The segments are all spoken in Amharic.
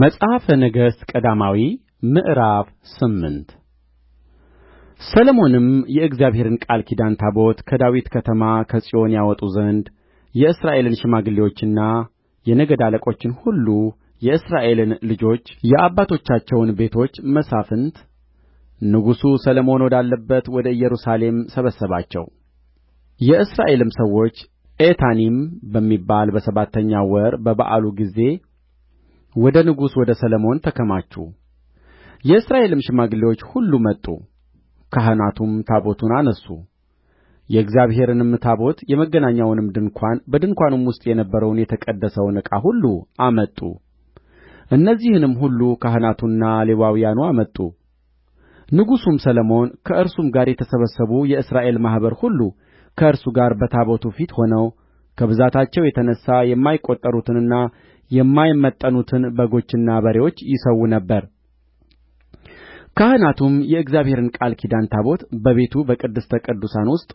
መጽሐፈ ነገሥት ቀዳማዊ ምዕራፍ ስምንት ሰሎሞንም የእግዚአብሔርን ቃል ኪዳን ታቦት ከዳዊት ከተማ ከጽዮን ያወጡ ዘንድ የእስራኤልን ሽማግሌዎችና የነገድ አለቆችን ሁሉ የእስራኤልን ልጆች የአባቶቻቸውን ቤቶች መሳፍንት ንጉሡ ሰሎሞን ወዳለበት ወደ ኢየሩሳሌም ሰበሰባቸው። የእስራኤልም ሰዎች ኤታኒም በሚባል በሰባተኛው ወር በበዓሉ ጊዜ ወደ ንጉሡ ወደ ሰሎሞን ተከማቹ የእስራኤልም ሽማግሌዎች ሁሉ መጡ ካህናቱም ታቦቱን አነሡ የእግዚአብሔርንም ታቦት የመገናኛውንም ድንኳን በድንኳኑም ውስጥ የነበረውን የተቀደሰውን ዕቃ ሁሉ አመጡ እነዚህንም ሁሉ ካህናቱና ሌዋውያኑ አመጡ ንጉሡም ሰሎሞን ከእርሱም ጋር የተሰበሰቡ የእስራኤል ማኅበር ሁሉ ከእርሱ ጋር በታቦቱ ፊት ሆነው ከብዛታቸው የተነሣ የማይቈጠሩትንና የማይመጠኑትን በጎችና በሬዎች ይሠዉ ነበር ካህናቱም የእግዚአብሔርን ቃል ኪዳን ታቦት በቤቱ በቅድስተ ቅዱሳን ውስጥ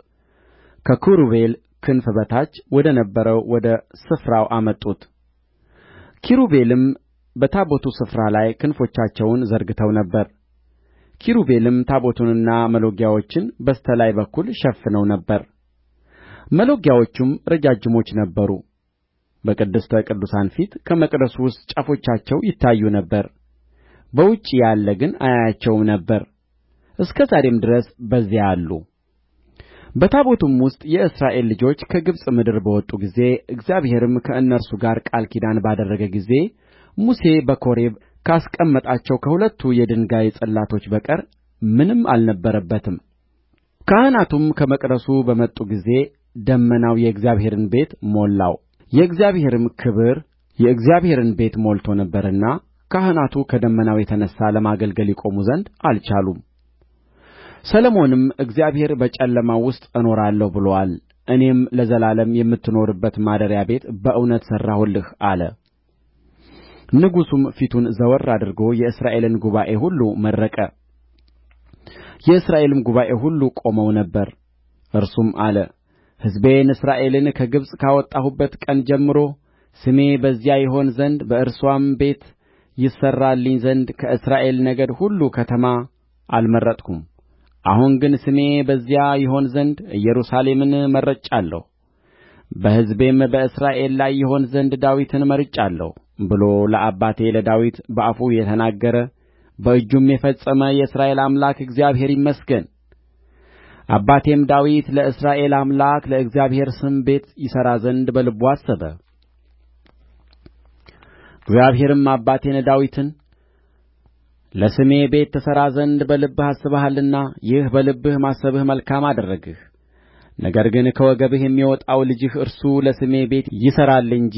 ከኪሩቤል ክንፍ በታች ወደ ነበረው ወደ ስፍራው አመጡት። ኪሩቤልም በታቦቱ ስፍራ ላይ ክንፎቻቸውን ዘርግተው ነበር። ኪሩቤልም ታቦቱንና መሎጊያዎችን በስተ ላይ በኩል ሸፍነው ነበር። መሎጊያዎቹም ረጃጅሞች ነበሩ። በቅድስተ ቅዱሳን ፊት ከመቅደሱ ውስጥ ጫፎቻቸው ይታዩ ነበር በውጭ ያለ ግን አያያቸውም ነበር እስከ ዛሬም ድረስ በዚያ አሉ በታቦቱም ውስጥ የእስራኤል ልጆች ከግብፅ ምድር በወጡ ጊዜ እግዚአብሔርም ከእነርሱ ጋር ቃል ኪዳን ባደረገ ጊዜ ሙሴ በኮሬብ ካስቀመጣቸው ከሁለቱ የድንጋይ ጽላቶች በቀር ምንም አልነበረበትም ካህናቱም ከመቅደሱ በመጡ ጊዜ ደመናው የእግዚአብሔርን ቤት ሞላው የእግዚአብሔርም ክብር የእግዚአብሔርን ቤት ሞልቶ ነበርና ካህናቱ ከደመናው የተነሣ ለማገልገል ይቆሙ ዘንድ አልቻሉም ሰሎሞንም እግዚአብሔር በጨለማው ውስጥ እኖራለሁ ብሎአል እኔም ለዘላለም የምትኖርበት ማደሪያ ቤት በእውነት ሠራሁልህ አለ ንጉሡም ፊቱን ዘወር አድርጎ የእስራኤልን ጉባኤ ሁሉ መረቀ የእስራኤልም ጉባኤ ሁሉ ቆመው ነበር እርሱም አለ ሕዝቤን እስራኤልን ከግብፅ ካወጣሁበት ቀን ጀምሮ ስሜ በዚያ ይሆን ዘንድ በእርስዋም ቤት ይሠራልኝ ዘንድ ከእስራኤል ነገድ ሁሉ ከተማ አልመረጥሁም አሁን ግን ስሜ በዚያ ይሆን ዘንድ ኢየሩሳሌምን መርጫለሁ በሕዝቤም በእስራኤል ላይ ይሆን ዘንድ ዳዊትን መርጫለሁ ብሎ ለአባቴ ለዳዊት በአፉ የተናገረ በእጁም የፈጸመ የእስራኤል አምላክ እግዚአብሔር ይመስገን አባቴም ዳዊት ለእስራኤል አምላክ ለእግዚአብሔር ስም ቤት ይሠራ ዘንድ በልቡ አሰበ እግዚአብሔርም አባቴን ዳዊትን ለስሜ ቤት ትሠራ ዘንድ በልብህ አስበሃልና ይህ በልብህ ማሰብህ መልካም አደረግህ ነገር ግን ከወገብህ የሚወጣው ልጅህ እርሱ ለስሜ ቤት ይሠራል እንጂ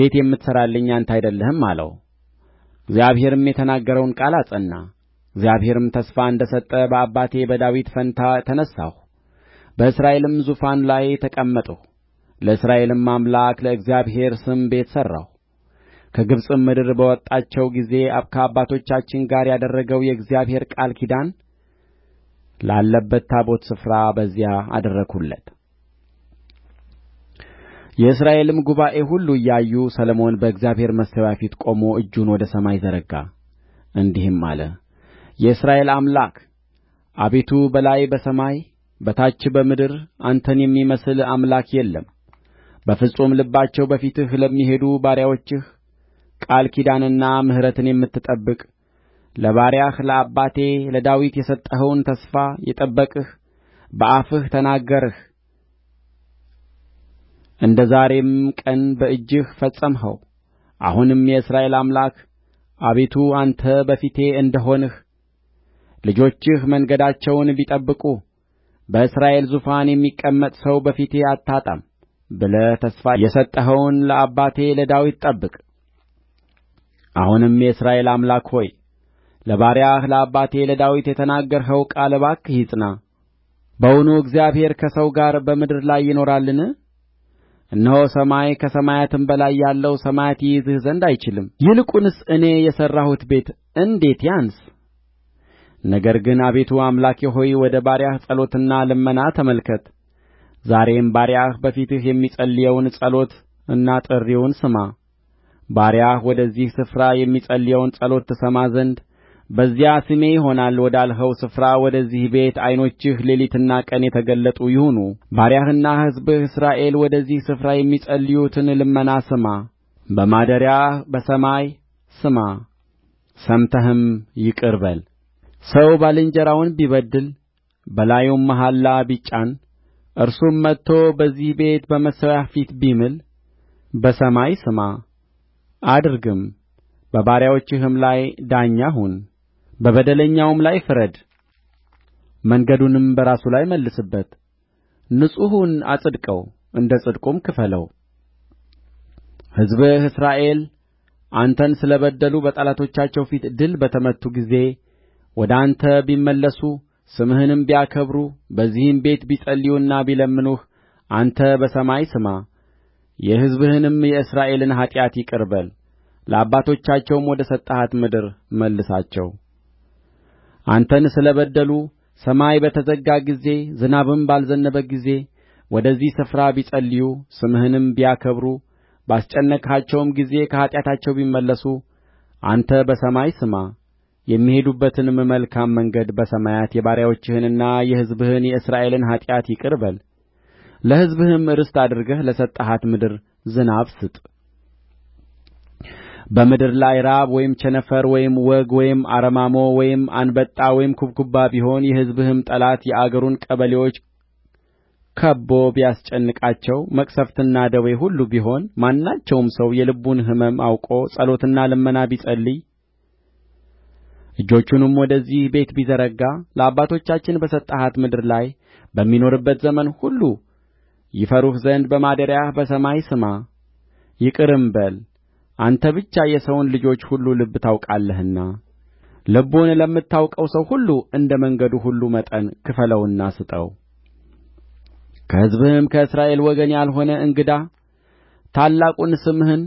ቤት የምትሠራልኝ አንተ አይደለህም አለው እግዚአብሔርም የተናገረውን ቃል አጸና እግዚአብሔርም ተስፋ እንደ ሰጠ በአባቴ በዳዊት ፋንታ ተነሣሁ በእስራኤልም ዙፋን ላይ ተቀመጥሁ ለእስራኤልም አምላክ ለእግዚአብሔር ስም ቤት ሠራሁ ከግብጽም ምድር በወጣቸው ጊዜ ከአባቶቻችን ጋር ያደረገው የእግዚአብሔር ቃል ኪዳን ላለበት ታቦት ስፍራ በዚያ አደረግሁለት የእስራኤልም ጉባኤ ሁሉ እያዩ ሰሎሞን በእግዚአብሔር መሠዊያ ፊት ቆሞ እጁን ወደ ሰማይ ዘረጋ እንዲህም አለ የእስራኤል አምላክ አቤቱ በላይ በሰማይ በታች በምድር አንተን የሚመስል አምላክ የለም። በፍጹም ልባቸው በፊትህ ለሚሄዱ ባሪያዎችህ ቃል ኪዳንና ምሕረትን የምትጠብቅ ለባሪያህ ለአባቴ ለዳዊት የሰጠኸውን ተስፋ የጠበቅህ በአፍህ ተናገርህ፣ እንደ ዛሬም ቀን በእጅህ ፈጸምኸው። አሁንም የእስራኤል አምላክ አቤቱ አንተ በፊቴ እንደሆንህ ልጆችህ መንገዳቸውን ቢጠብቁ በእስራኤል ዙፋን የሚቀመጥ ሰው በፊቴ አታጣም ብለህ ተስፋ የሰጠኸውን ለአባቴ ለዳዊት ጠብቅ አሁንም የእስራኤል አምላክ ሆይ ለባሪያህ ለአባቴ ለዳዊት የተናገርኸው ቃል እባክህ ይጽና በውኑ እግዚአብሔር ከሰው ጋር በምድር ላይ ይኖራልን እነሆ ሰማይ ከሰማያትም በላይ ያለው ሰማያት ይይዝህ ዘንድ አይችልም ይልቁንስ እኔ የሠራሁት ቤት እንዴት ያንስ ነገር ግን አቤቱ አምላኬ ሆይ ወደ ባሪያህ ጸሎትና ልመና ተመልከት ዛሬም ባሪያህ በፊትህ የሚጸልየውን ጸሎትና ጥሪውን ስማ ባሪያህ ወደዚህ ስፍራ የሚጸልየውን ጸሎት ትሰማ ዘንድ በዚያ ስሜ ይሆናል ወዳልኸው ስፍራ ወደዚህ ቤት ዐይኖችህ ሌሊትና ቀን የተገለጡ ይሁኑ። ባሪያህና ሕዝብህ እስራኤል ወደዚህ ስፍራ የሚጸልዩትን ልመና ስማ፣ በማደሪያህ በሰማይ ስማ፣ ሰምተህም ይቅር በል። ሰው ባልንጀራውን ቢበድል በላዩም መሐላ ቢጫን እርሱም መጥቶ በዚህ ቤት በመሠዊያህ ፊት ቢምል በሰማይ ስማ አድርግም፣ በባሪያዎችህም ላይ ዳኛ ሁን፣ በበደለኛውም ላይ ፍረድ፣ መንገዱንም በራሱ ላይ መልስበት፣ ንጹሑን አጽድቀው፣ እንደ ጽድቁም ክፈለው። ሕዝብህ እስራኤል አንተን ስለ በደሉ በጠላቶቻቸው ፊት ድል በተመቱ ጊዜ ወደ አንተ ቢመለሱ ስምህንም ቢያከብሩ በዚህም ቤት ቢጸልዩና ቢለምኑህ አንተ በሰማይ ስማ የሕዝብህንም የእስራኤልን ኃጢአት ይቅር በል ለአባቶቻቸውም ወደ ሰጠሃት ምድር መልሳቸው አንተን ስለ በደሉ ሰማይ በተዘጋ ጊዜ ዝናብም ባልዘነበ ጊዜ ወደዚህ ስፍራ ቢጸልዩ ስምህንም ቢያከብሩ ባስጨነቅሃቸውም ጊዜ ከኃጢአታቸው ቢመለሱ አንተ በሰማይ ስማ የሚሄዱበትንም መልካም መንገድ በሰማያት የባሪያዎችህንና የሕዝብህን የእስራኤልን ኃጢአት ይቅር በል ለሕዝብህም ርስት አድርገህ ለሰጠሃት ምድር ዝናብ ስጥ በምድር ላይ ራብ ወይም ቸነፈር ወይም ወግ ወይም አረማሞ ወይም አንበጣ ወይም ኩብኩባ ቢሆን የሕዝብህም ጠላት የአገሩን ቀበሌዎች ከብቦ ቢያስጨንቃቸው መቅሠፍትና ደዌ ሁሉ ቢሆን ማናቸውም ሰው የልቡን ሕመም አውቆ ጸሎትና ልመና ቢጸልይ እጆቹንም ወደዚህ ቤት ቢዘረጋ ለአባቶቻችን በሰጠሃት ምድር ላይ በሚኖርበት ዘመን ሁሉ ይፈሩህ ዘንድ በማደሪያህ በሰማይ ስማ ይቅርም በል አንተ ብቻ የሰውን ልጆች ሁሉ ልብ ታውቃለህና ልቡን ለምታውቀው ሰው ሁሉ እንደ መንገዱ ሁሉ መጠን ክፈለውና ስጠው። ከሕዝብህም ከእስራኤል ወገን ያልሆነ እንግዳ ታላቁን ስምህን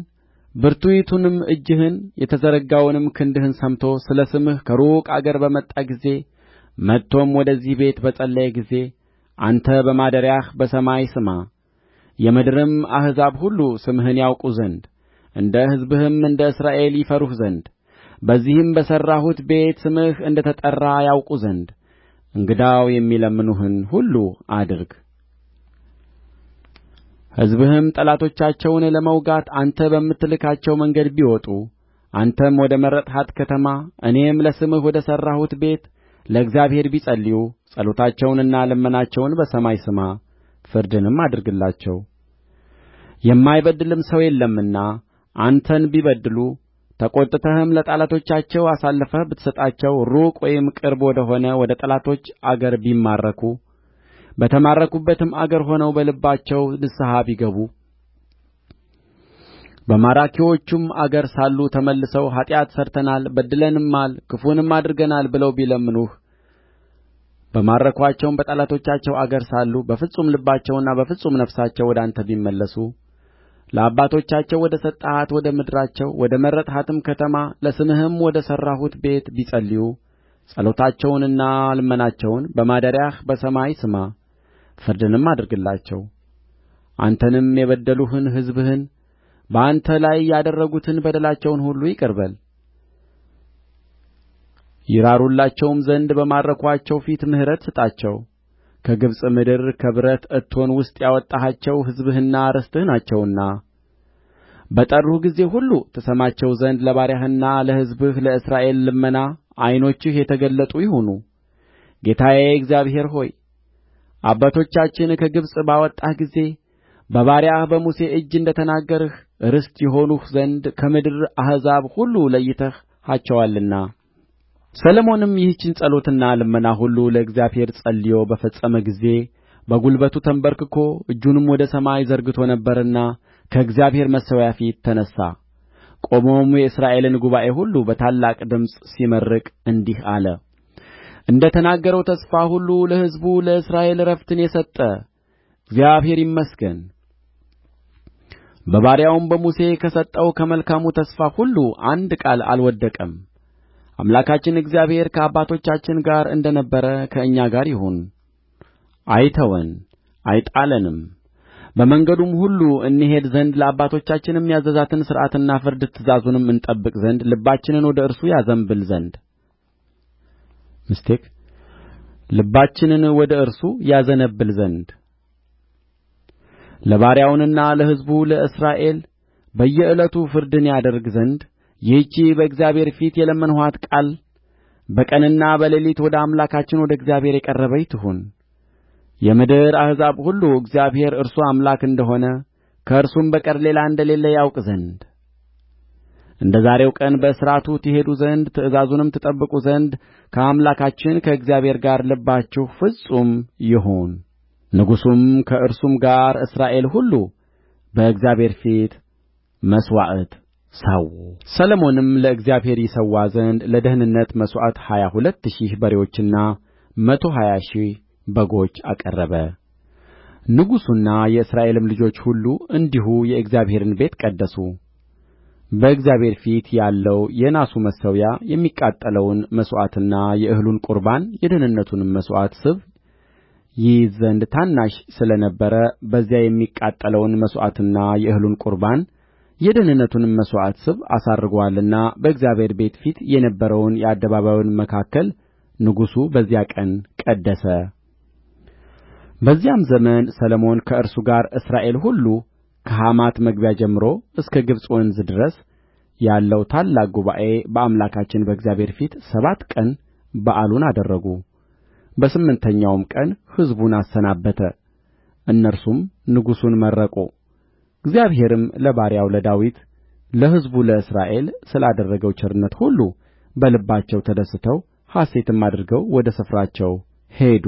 ብርቱይቱንም እጅህን የተዘረጋውንም ክንድህን ሰምቶ ስለ ስምህ ከሩቅ አገር በመጣ ጊዜ መጥቶም ወደዚህ ቤት በጸለየ ጊዜ አንተ በማደሪያህ በሰማይ ስማ። የምድርም አሕዛብ ሁሉ ስምህን ያውቁ ዘንድ እንደ ሕዝብህም እንደ እስራኤል ይፈሩህ ዘንድ በዚህም በሠራሁት ቤት ስምህ እንደ ተጠራ ያውቁ ዘንድ እንግዳው የሚለምኑህን ሁሉ አድርግ ሕዝብህም ጠላቶቻቸውን ለመውጋት አንተ በምትልካቸው መንገድ ቢወጡ አንተም ወደ መረጥሃት ከተማ እኔም ለስምህ ወደ ሠራሁት ቤት ለእግዚአብሔር ቢጸልዩ ጸሎታቸውንና ልመናቸውን በሰማይ ስማ ፍርድንም አድርግላቸው የማይበድልም ሰው የለምና አንተን ቢበድሉ ተቈጥተህም ለጠላቶቻቸው አሳልፈህ ብትሰጣቸው ሩቅ ወይም ቅርብ ወደ ሆነ ወደ ጠላቶች አገር ቢማረኩ በተማረኩበትም አገር ሆነው በልባቸው ንስሐ ቢገቡ በማራኪዎቹም አገር ሳሉ ተመልሰው ኃጢአት ሠርተናል በድለንማል ክፉንም አድርገናል ብለው ቢለምኑህ በማረኩአቸውም በጠላቶቻቸው አገር ሳሉ በፍጹም ልባቸውና በፍጹም ነፍሳቸው ወደ አንተ ቢመለሱ ለአባቶቻቸው ወደ ሰጠሃት ወደ ምድራቸው ወደ መረጥሃትም ከተማ ለስምህም ወደ ሠራሁት ቤት ቢጸልዩ ጸሎታቸውንና ልመናቸውን በማደሪያህ በሰማይ ስማ ፍርድንም አድርግላቸው አንተንም የበደሉህን ሕዝብህን በአንተ ላይ ያደረጉትን በደላቸውን ሁሉ ይቅር በል ይራሩላቸውም ዘንድ በማረኩአቸው ፊት ምሕረት ስጣቸው ከግብጽ ምድር ከብረት እቶን ውስጥ ያወጣሃቸው ሕዝብህና ርስትህ ናቸውና በጠሩህ ጊዜ ሁሉ ትሰማቸው ዘንድ ለባሪያህና ለሕዝብህ ለእስራኤል ልመና ዓይኖችህ የተገለጡ ይሁኑ ጌታዬ እግዚአብሔር ሆይ አባቶቻችን ከግብጽ ባወጣህ ጊዜ በባሪያህ በሙሴ እጅ እንደ ተናገርህ ርስት ይሆኑህ ዘንድ ከምድር አሕዛብ ሁሉ ለይተሃቸዋልና ሰሎሞንም ይህችን ጸሎትና ልመና ሁሉ ለእግዚአብሔር ጸልዮ በፈጸመ ጊዜ በጕልበቱ ተንበርክኮ እጁንም ወደ ሰማይ ዘርግቶ ነበርና ከእግዚአብሔር መሠዊያ ፊት ተነሣ። ቆሞም የእስራኤልን ጉባኤ ሁሉ በታላቅ ድምፅ ሲመርቅ እንዲህ አለ እንደ ተናገረው ተስፋ ሁሉ ለሕዝቡ ለእስራኤል ዕረፍትን የሰጠ እግዚአብሔር ይመስገን በባሪያውም በሙሴ ከሰጠው ከመልካሙ ተስፋ ሁሉ አንድ ቃል አልወደቀም አምላካችን እግዚአብሔር ከአባቶቻችን ጋር እንደ ነበረ ከእኛ ጋር ይሁን አይተወን አይጣለንም በመንገዱም ሁሉ እንሄድ ዘንድ ለአባቶቻችንም ያዘዛትን ሥርዓትና ፍርድ ትእዛዙንም እንጠብቅ ዘንድ ልባችንን ወደ እርሱ ያዘንብል ዘንድ ምስቴክ ልባችንን ወደ እርሱ ያዘነብል ዘንድ ለባሪያውና ለሕዝቡ ለእስራኤል በየዕለቱ ፍርድን ያደርግ ዘንድ ይህች በእግዚአብሔር ፊት የለመንኋት ቃል በቀንና በሌሊት ወደ አምላካችን ወደ እግዚአብሔር የቀረበች ትሁን። የምድር አሕዛብ ሁሉ እግዚአብሔር እርሱ አምላክ እንደሆነ ከእርሱም በቀር ሌላ እንደሌለ ያውቅ ዘንድ እንደ ዛሬው ቀን በሥርዓቱ ትሄዱ ዘንድ ትእዛዙንም ትጠብቁ ዘንድ ከአምላካችን ከእግዚአብሔር ጋር ልባችሁ ፍጹም ይሁን ንጉሡም ከእርሱም ጋር እስራኤል ሁሉ በእግዚአብሔር ፊት መሥዋዕት ሠዉ ሰሎሞንም ለእግዚአብሔር ይሠዋ ዘንድ ለደኅንነት መሥዋዕት ሀያ ሁለት ሺህ በሬዎችና መቶ ሀያ ሺህ በጎች አቀረበ ንጉሡና የእስራኤልም ልጆች ሁሉ እንዲሁ የእግዚአብሔርን ቤት ቀደሱ በእግዚአብሔር ፊት ያለው የናሱ መሠዊያ የሚቃጠለውን መሥዋዕትና የእህሉን ቍርባን የደኅንነቱንም መሥዋዕት ስብ ይይዝ ዘንድ ታናሽ ስለ ነበረ በዚያ የሚቃጠለውን መሥዋዕትና የእህሉን ቍርባን የደኅንነቱንም መሥዋዕት ስብ አሳርጎአልና በእግዚአብሔር ቤት ፊት የነበረውን የአደባባዩን መካከል ንጉሡ በዚያ ቀን ቀደሰ በዚያም ዘመን ሰሎሞን ከእርሱ ጋር እስራኤል ሁሉ ከሐማት መግቢያ ጀምሮ እስከ ግብጽ ወንዝ ድረስ ያለው ታላቅ ጉባኤ በአምላካችን በእግዚአብሔር ፊት ሰባት ቀን በዓሉን አደረጉ በስምንተኛውም ቀን ሕዝቡን አሰናበተ እነርሱም ንጉሡን መረቁ እግዚአብሔርም ለባሪያው ለዳዊት ለሕዝቡ ለእስራኤል ስላደረገው ቸርነት ሁሉ በልባቸው ተደስተው ሐሤትም አድርገው ወደ ስፍራቸው ሄዱ